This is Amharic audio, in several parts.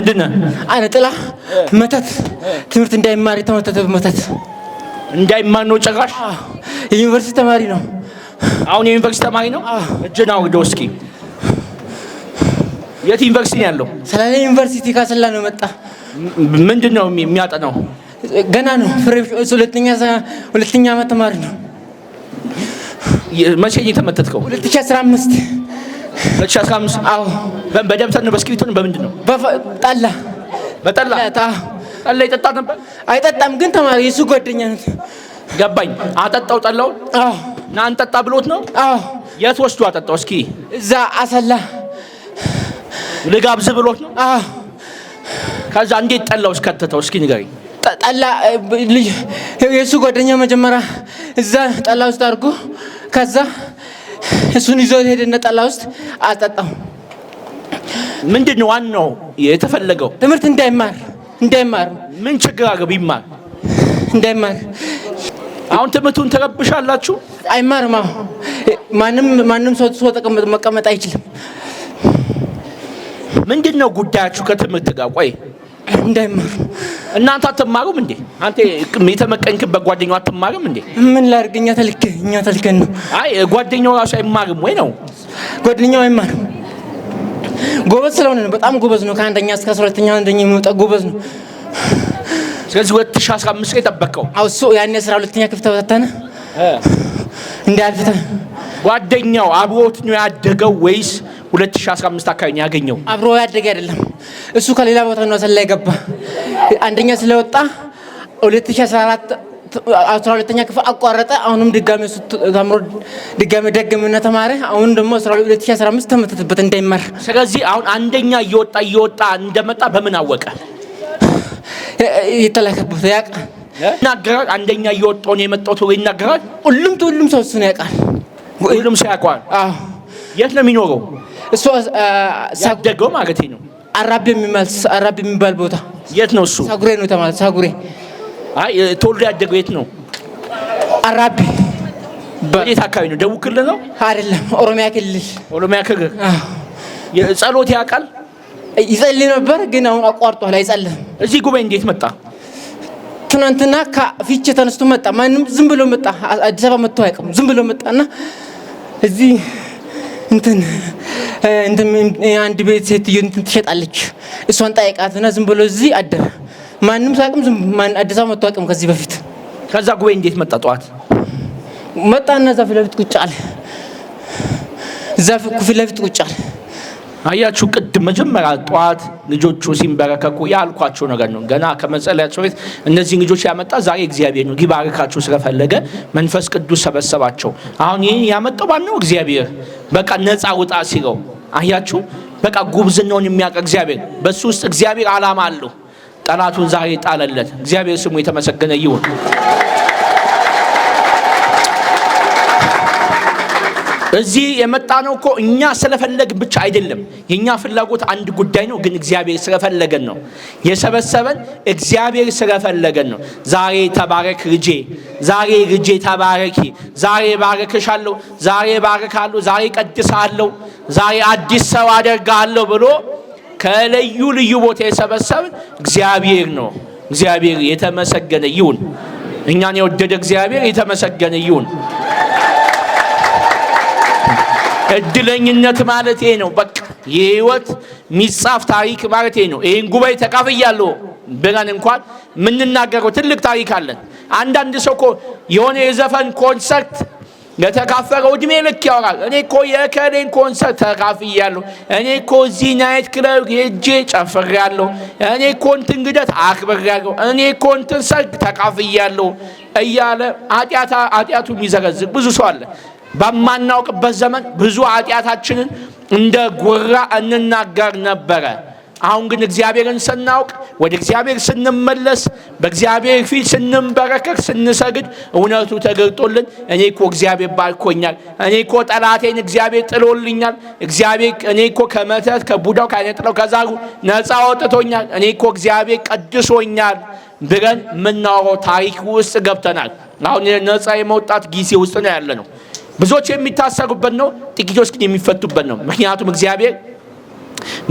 ምንድን አይነ ጥላ መተት ትምህርት እንዳይማር የተመተተ መተት እንዳይማር ነው። ጨራሽ የዩኒቨርሲቲ ተማሪ ነው። አሁን የዩኒቨርሲቲ ተማሪ ነው። እጅና ወደው እስኪ የት ዩኒቨርሲቲ ነው ያለው? ሰላሌ ዩኒቨርሲቲ ካሰላ ነው መጣ። ምንድን ነው የሚያጠናው? ገና ነው ፍሬ ሁለተኛ ዓመት ተማሪ ነው። መቼ የተመተትከው? 2015 2015 አዎ። በደብተር ነው በእስክሪብቶ በምንድን ነው? ጠላ በጠላ ጠላ ይጠጣ ነበር። አይጠጣም ግን ተማሪ የሱ ጓደኛ ነው። ገባኝ። አጠጣው ጠላውን። አዎ። ና እንጠጣ ብሎት ነው። አዎ። የት ወስዶ አጠጣው? እስኪ እዛ አሰላ ልጋብዝ ብሎት ነው። አዎ። ከዛ እንዴት ጠላው እስከተተው? እስኪ ንገሪኝ። ጠላ የሱ ጓደኛ መጀመሪያ እዛ ጠላ ውስጥ አድርጎ ከዛ እሱን ይዞ ሄደነ ጠላ ውስጥ አጠጣው። ምንድን ነው ዋናው የተፈለገው? ትምህርት እንዳይማር እንዳይማር ምን ችግር አገብ ይማር እንዳይማር። አሁን ትምህርቱን ተረብሻላችሁ። አይማርም። ማንም ማንም ሰው ሰው መቀመጥ አይችልም። ምንድን ነው ጉዳያችሁ ከትምህርት ጋር? ቆይ እንዳይማሩ እናንተ አትማሩም እንዴ? አንተ የተመቀኝክበት ጓደኛው አትማርም እንዴ? ምን ላድርግ? እኛ ተልከን እኛ ተልከን ነው። አይ ጓደኛው ራሱ አይማርም ወይ ነው? ጓደኛው አይማርም። ጎበዝ ስለሆነ ነው። በጣም ጎበዝ ነው። ከአንደኛ እስከ አስራ ሁለተኛ አንደኛ የሚወጣ ጎበዝ ነው። ስለዚህ 2015 ላይ ጠበቀው። አዎ እሱ ያኔ አስራ ሁለተኛ ክፍል ተበታተነ እንዳልፍተ ጓደኛው አብሮት ነው ያደገው ወይስ 2015 አካባቢ ያገኘው። አብሮ ያደገ አይደለም እሱ ከሌላ ቦታ ነው ሰላ የገባ አንደኛ ስለወጣ 2014 አስራ ሁለተኛ ክፍል አቋረጠ። አሁንም ድጋሜ ተምሮ ድጋሜ ደግምና ተማረ። አሁን ደግሞ 2015 ተመተተበት እንዳይማር። ስለዚህ አሁን አንደኛ እየወጣ እየወጣ እንደመጣ በምን አወቀ? የተላከበት ያውቃል፣ ይናገራል። አንደኛ እየወጣው ነው የመጣው ተብሎ ይናገራል። ሁሉም ሁሉም ሰው እሱን ያውቃል። ሁሉም ሰው ያውቀዋል። የት ነው የሚኖረው? እሱ ያደገው ማለት ነው። አራቢ የሚባል ቦታ የት ነው? እሱ ሳጉሬ ነው ተማለት። ሳጉሬ አይ፣ ተወልዶ ያደገው የት ነው? አራቢ የት አካባቢ ነው? ደቡብ ክልል ነው አይደለም? ኦሮሚያ ክልል። ኦሮሚያ ክልል ጸሎት ያውቃል? ይጸልይ ነበር፣ ግን አሁን አቋርጧል፣ አይጸልም። እዚህ ጉባኤ እንዴት መጣ? ትናንትና ከፊቼ ተነስቶ መጣ። ማንም ዝም ብሎ መጣ። አዲስ አበባ መጥቶ አያውቅም። ዝም ብሎ መጣና እዚህ እንትን እንትን አንድ ቤት ሴትዮ እንትን ትሸጣለች። እሷን ጠየቃትና ዝም ብሎ እዚህ አደረ። ማንም ሳቅም ዝም አዲስ አበባ መጥቶ አቅም ከዚህ በፊት ከዛ ጉባኤ እንዴት መጣ? ጠዋት መጣና ዛፍ ለፊት ቁጭ አለ። ዛፍ ፊት ለፊት ቁጭ አለ። አያችሁ ቅድ መጀመሪያ ጠዋት ልጆቹ ሲንበረከኩ ያልኳቸው ነገር ነው። ገና ከመጸለያቸው ቤት እነዚህን ልጆች ያመጣ ዛሬ እግዚአብሔር ነው ሊባርካቸው ስለፈለገ መንፈስ ቅዱስ ሰበሰባቸው። አሁን ይህን ያመጣው ማነው? እግዚአብሔር። በቃ ነፃ ውጣ ሲለው አያችሁ፣ በቃ ጉብዝናውን የሚያውቅ እግዚአብሔር፣ በሱ ውስጥ እግዚአብሔር ዓላማ አለው። ጠላቱን ዛሬ ጣለለት። እግዚአብሔር ስሙ የተመሰገነ ይሁን። እዚህ የመጣ ነው እኮ እኛ ስለፈለግን ብቻ አይደለም። የእኛ ፍላጎት አንድ ጉዳይ ነው፣ ግን እግዚአብሔር ስለፈለገን ነው የሰበሰበን። እግዚአብሔር ስለፈለገን ነው። ዛሬ ተባረክ ልጄ፣ ዛሬ ልጄ ተባረኪ፣ ዛሬ ባረክሻለሁ፣ ዛሬ ባረካለሁ፣ ዛሬ ቀድሳለሁ፣ ዛሬ አዲስ ሰው አደርጋለሁ ብሎ ከልዩ ልዩ ቦታ የሰበሰብን እግዚአብሔር ነው። እግዚአብሔር የተመሰገነ ይሁን። እኛን የወደደ እግዚአብሔር የተመሰገነ ይሁን። እድለኝነት ማለት ይሄ ነው። በቃ የህይወት ሚጻፍ ታሪክ ማለት ይሄ ነው። ይህን ጉባኤ ተቀብያለሁ ብለን እንኳን የምንናገረው ትልቅ ታሪክ አለን። አንዳንድ ሰው እኮ የሆነ የዘፈን ኮንሰርት ለተካፈለው እድሜ ልክ ያወራል። እኔ እኮ የከሌን ኮንሰርት ተካፍያለሁ፣ እኔ እኮ እዚህ ናይት ክለብ ሄጄ ጨፍሬያለሁ፣ እኔ እኮ እንትን ግደት አክብሬያለሁ፣ እኔ እኮ እንትን ሰርግ ተካፍያለሁ እያለ ኃጢአቱን የሚዘረዝር ብዙ ሰው አለ። በማናውቅበት ዘመን ብዙ ኃጢአታችንን እንደ ጉራ እንናገር ነበረ። አሁን ግን እግዚአብሔርን ስናውቅ ወደ እግዚአብሔር ስንመለስ በእግዚአብሔር ፊት ስንንበረከክ ስንሰግድ እውነቱ ተገልጦልን እኔ እኮ እግዚአብሔር ባርኮኛል፣ እኔ እኮ ጠላቴን እግዚአብሔር ጥሎልኛል፣ እግዚአብሔር እኔ እኮ ከመተት ከቡዳው ከአይነጥለው ከዛሩ ነፃ ወጥቶኛል፣ እኔ እኮ እግዚአብሔር ቀድሶኛል ብለን የምናወራው ታሪክ ውስጥ ገብተናል። አሁን ነፃ የመውጣት ጊዜ ውስጥ ነው ያለ ነው። ብዙዎች የሚታሰሩበት ነው፣ ጥቂቶች ግን የሚፈቱበት ነው። ምክንያቱም እግዚአብሔር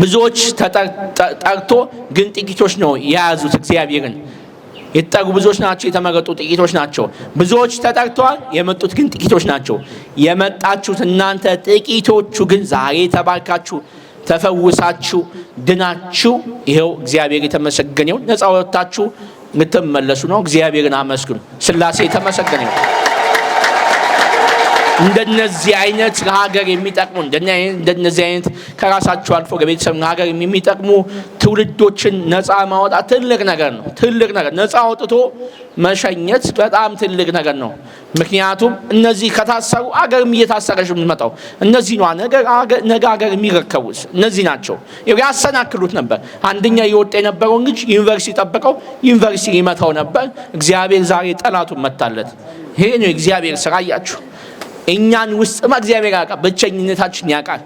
ብዙዎች ተጠርቶ ግን ጥቂቶች ነው የያዙት እግዚአብሔርን። የተጠሩ ብዙዎች ናቸው፣ የተመረጡ ጥቂቶች ናቸው። ብዙዎች ተጠርተዋል፣ የመጡት ግን ጥቂቶች ናቸው። የመጣችሁት እናንተ ጥቂቶቹ ግን ዛሬ ተባርካችሁ ተፈውሳችሁ ድናችሁ፣ ይኸው እግዚአብሔር የተመሰገነው ነፃ ወጥታችሁ ልትመለሱ ነው። እግዚአብሔርን አመስግኑ። ስላሴ የተመሰገነው እንደነዚህ አይነት ለሀገር የሚጠቅሙ እንደነዚህ አይነት ከራሳቸው አልፎ ለቤተሰብ ለሀገር የሚጠቅሙ ትውልዶችን ነፃ ማውጣት ትልቅ ነገር ነው። ትልቅ ነገር ነፃ አውጥቶ መሸኘት በጣም ትልቅ ነገር ነው። ምክንያቱም እነዚህ ከታሰሩ አገርም እየታሰረች የምትመጣው እነዚህ ነ ነገ ሀገር የሚረከቡት እነዚህ ናቸው። ያሰናክሉት ነበር። አንደኛ የወጣ የነበረውን ልጅ ዩኒቨርሲቲ ጠብቀው ዩኒቨርሲቲ ይመታው ነበር። እግዚአብሔር ዛሬ ጠላቱን መታለት። ይሄ ነው የእግዚአብሔር ስራ እያችሁ እኛን ውስጥማ እግዚአብሔር ያውቃል። ብቸኝነታችን ያውቃል።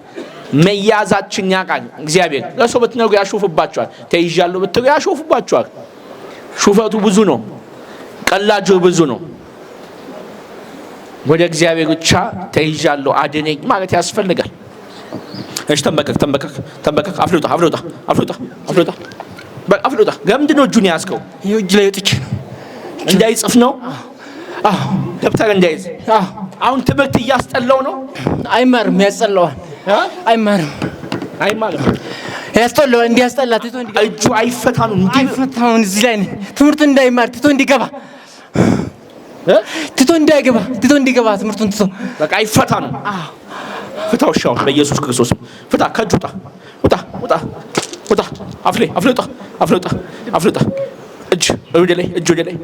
መያዛችን ያውቃል። እግዚአብሔር ለሰው ብትነግሩ ያሾፍባቸዋል። ተይዣለሁ ብትሉ ያሾፍባቸዋል። ሹፈቱ ብዙ ነው። ቀላጁ ብዙ ነው። ወደ እግዚአብሔር ብቻ ተይዣለሁ አድነኝ ማለት ያስፈልጋል። እሺ፣ ተንበከክ ተንበከክ ተንበከክ፣ አፍልጣ አፍልጣ አፍልጣ በቃ አፍልጣ። ለምንድን ነው እጁን ያዝከው? ይኸው እጅ ላይ ወጥቼ ነው እንዳይጽፍ ነው ደብተር እንዳይዝ አሁን ትምህርት እያስጠላው ነው። አይማርም፣ ያስጠላዋል። አይማርም፣ አይማርም፣ ያስጠላዋል። እንዲያስጠላ ትቶ እጁ አይፈታኑ ነው፣ እዚህ ላይ ትምህርቱን እንዳይማር ትቶ እንዲገባ ትቶ እንዳይገባ ትቶ እንዲገባ ትምህርቱን ትቶ በቃ አይፈታኑ። ነው። ፍታው፣ ሻው በኢየሱስ ክርስቶስ ፍታ። ከእጁ ውጣ፣ ውጣ፣ ውጣ፣ ውጣ። አፍሌ፣ አፍሌ፣ ውጣ፣ አፍሌ፣ ውጣ፣ አፍሌ፣ ውጣ። እጅ ወደ ላይ፣ እጅ ወደ ላይ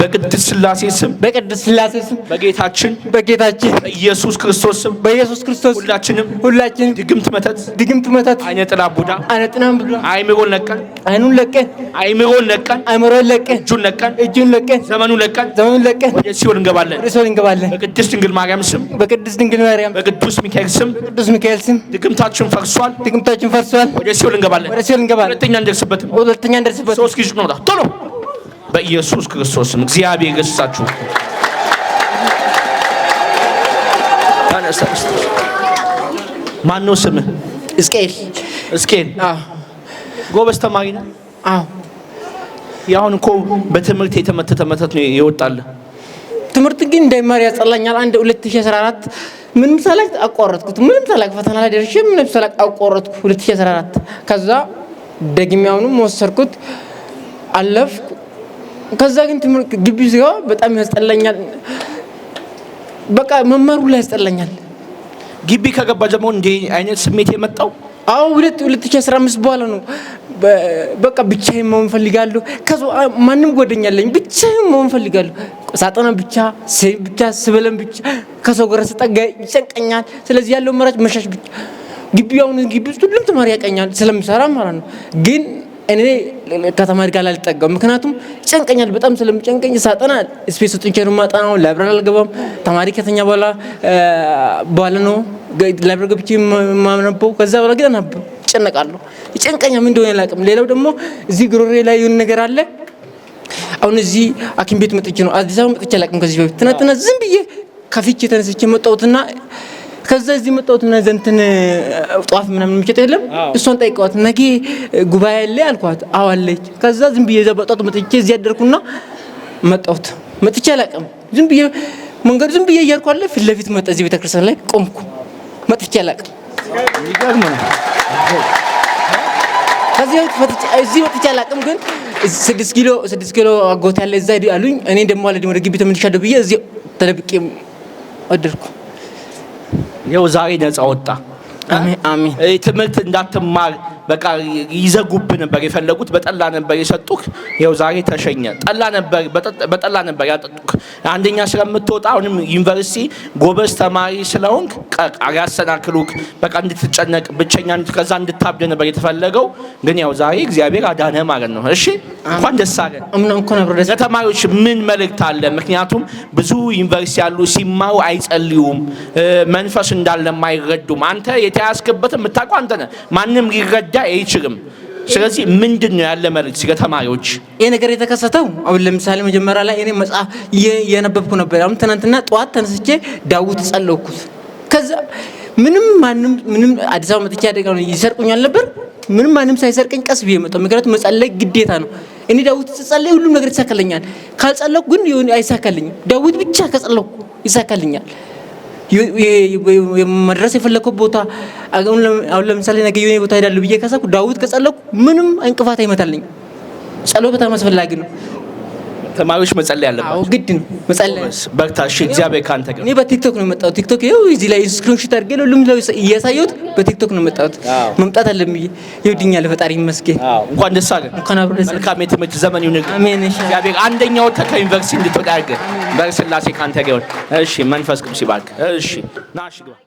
በቅድስት ስላሴ ስም በቅድስት ስላሴ ስም በጌታችን በጌታችን በኢየሱስ ክርስቶስ ስም በኢየሱስ ክርስቶስ ሁላችንም ሁላችንም ድግምት መተት ድግምት መተት አይነ ጥላ ቡዳ አይነ ጥና ቡዳ አይምሮን ለቀን አይኑን ለቀን አይምሮን ለቀን አይምሮን ለቀን እጁን ለቀን እጁን ለቀን ዘመኑን ለቀን ዘመኑን ለቀን ወደ ሲኦል እንገባለን ወደ ሲኦል እንገባለን። በቅድስት ድንግል ማርያም ስም በቅድስት ድንግል ማርያም በቅዱስ ሚካኤል ስም በቅዱስ ሚካኤል ስም ድግምታችን ፈርሷል ድግምታችን ፈርሷል። ወደ ሲኦል እንገባለን ወደ ሲኦል እንገባለን። ሁለተኛ እንደርስበትም ሁለተኛ እንደርስበትም ሶስት ጊዜ ነው ቶሎ በኢየሱስ ክርስቶስም እግዚአብሔር ገሰጻችሁ። ማነው ስምህ? እስቄል። እስቄል ጎበዝ ተማሪ ነህ? አዎ። ያሁን እኮ በትምህርት የተመተተ መተት ነው የወጣልህ። ትምህርት ግን እንዳይማር ያጸላኛል። አንድ 2014 ምንም ሰላክ አቋረጥኩት። ምንም ሰላክ ፈተና ላይ ደርሼ ምንም ሰላክ አቋረጥኩ 2014። ከዛ ደግሜ አሁንም ወሰድኩት አለፍኩ። ከዛ ግን ግቢ ስገባ በጣም ያስጠላኛል። በቃ መማሩ ላይ ያስጠላኛል። ግቢ ከገባ ጀምሮ እንዲህ አይነት ስሜት የመጣው አሁን ሁለት ሁለት ሺህ አስራ አምስት በኋላ ነው። በቃ ብቻዬን መሆን ፈልጋለሁ። ከዛ ማንም ጓደኛ አለኝ፣ ብቻዬን መሆን ፈልጋለሁ። ሳጠና ብቻ ብቻ ስበለም ብቻ ከሰው ጋር ስጠጋ ይጨንቀኛል። ስለዚህ ያለው መራጭ መሻሽ ብቻ ግቢ። አሁን ግቢ ውስጥ ሁሉም ተማሪ ያቀኛል ስለምሰራ ማለት ነው ግን እኔ ከተማሪ ጋር አልጠጋም። ምክንያቱም ጨንቀኛል፣ በጣም ስለምጨንቀኝ ሳጠና ስፔስ ውጥንቸ ማጠናው ላይብራሪ አልገባም። ተማሪ ከተኛ በኋላ በኋላ ነው ላይብራሪ ገብቼ የማነበው። ከዛ በኋላ ግን አናብብ ጨነቃለሁ። ጨንቀኛ ምን እንደሆነ አላውቅም። ሌላው ደግሞ እዚህ ግሮሬ ላይ የሆነ ነገር አለ። አሁን እዚህ ሐኪም ቤት መጥቼ ነው አዲስ አበባ መጥቼ አላውቅም ከዚህ በፊት ትናንትና ዝም ብዬ ከፍቼ ተነስቼ መጣሁትና ከዛ እዚህ መጣሁት እና ዘንትን ጧፍ ምናምን ምችት የለም እሷን ጠይቀዋት ነገ ጉባኤ አለ አልኳት። አዎ አለች። ከዛ ዝም ብዬ እዛ በጧት መጥቼ እዚህ ያደርኩና መጣሁት። መጥቼ አላውቅም። ዝም ብዬ መንገድ ዝም ብዬ እያልኩ አለ ፊት ለፊት መጣ። እዚህ ቤተክርስቲያን ላይ ቆምኩ። መጥቼ አላውቅም። እዚህ መጥቼ አላውቅም ግን ስድስት ኪሎ ስድስት ኪሎ አጎት ያለ እዛ አሉኝ። እኔ ደግሞ አለ ወደ ግቢ ተመልሻለሁ ብዬ እዚህ ተደብቄ አደርኩ። ይኸው ዛሬ ነፃ ወጣ። ትምህርት እንዳትማር በቃ ይዘጉብ ነበር የፈለጉት። በጠላ ነበር የሰጡክ። ይኸው ዛሬ ተሸኘ። ጠላ ነበር በጠላ ነበር ያጠጡክ። አንደኛ ስለምትወጣ አሁንም ዩኒቨርሲቲ ጎበዝ ተማሪ ስለሆንክ ያሰናክሉክ፣ በቃ እንድትጨነቅ ብቸኛ፣ ከዛ እንድታብደ ነበር የተፈለገው። ግን ያው ዛሬ እግዚአብሔር አዳነ ማለት ነው። እሺ እንኳን ደስ አለ። ለተማሪዎች ምን መልእክት አለ? ምክንያቱም ብዙ ዩኒቨርሲቲ ያሉ ሲማሩ አይጸልዩም፣ መንፈስ እንዳለ አይረዱም። አንተ የተያዝክበትን የምታውቀው አንተ ነህ። ማንም ሊረዳ ሊረዳ አይችልም። ስለዚህ ምንድን ነው ያለ መልእክት ለተማሪዎች? ይህ ነገር የተከሰተው አሁን ለምሳሌ መጀመሪያ ላይ እኔ መጽሐፍ የነበብኩ ነበር። አሁን ትናንትና ጠዋት ተነስቼ ዳዊት ጸለኩት። ከዛ ምንም ማንም ምንም አዲስ አበባ መጥቼ አደጋ ነው ይሰርቁኛል ነበር። ምንም ማንም ሳይሰርቀኝ ቀስ ብዬ መጣሁ። ምክንያቱም መጸለይ ግዴታ ነው። እኔ ዳዊት ስጸለይ ሁሉም ነገር ይሳካልኛል። ካልጸለኩ ግን አይሳካልኝም። ዳዊት ብቻ ከጸለኩ ይሳካልኛል። መድረስ የፈለግከው ቦታ አሁን ለምሳሌ ነገ የሆነ ቦታ ሄዳለሁ ብዬ ካሰብኩ ዳዊት ከጸለኩ ምንም እንቅፋት አይመታልኝ። ጸሎት በጣም አስፈላጊ ነው። ተማሪዎች መጸለይ ያለባቸው ግድ ነው። መጸለይ በርታ። እሺ፣ እግዚአብሔር ካንተ ጋር። እኔ በቲክቶክ ነው የመጣሁት። ቲክቶክ ይኸው እዚህ ላይ ስክሪንሾት አድርጌ ሁሉም ላይ እያሳየሁት በቲክቶክ ነው የመጣሁት። መምጣት አለብኝ። ይኸውልኛል። ፈጣሪ ይመስገን። እንኳን ደስ አለ። እንኳን አብሮ ደስ መልካም የትምህርት ዘመን ይሁን። አሜን። እሺ፣ እግዚአብሔር አንደኛው ከዩኒቨርሲቲ እንድትወጣ ያድርግ። በስላሴ ካንተ ጋር ይሁን። እሺ፣ መንፈስ ቅዱስ ይባርክ። እሺ፣ ና፣ እሺ፣ ግባ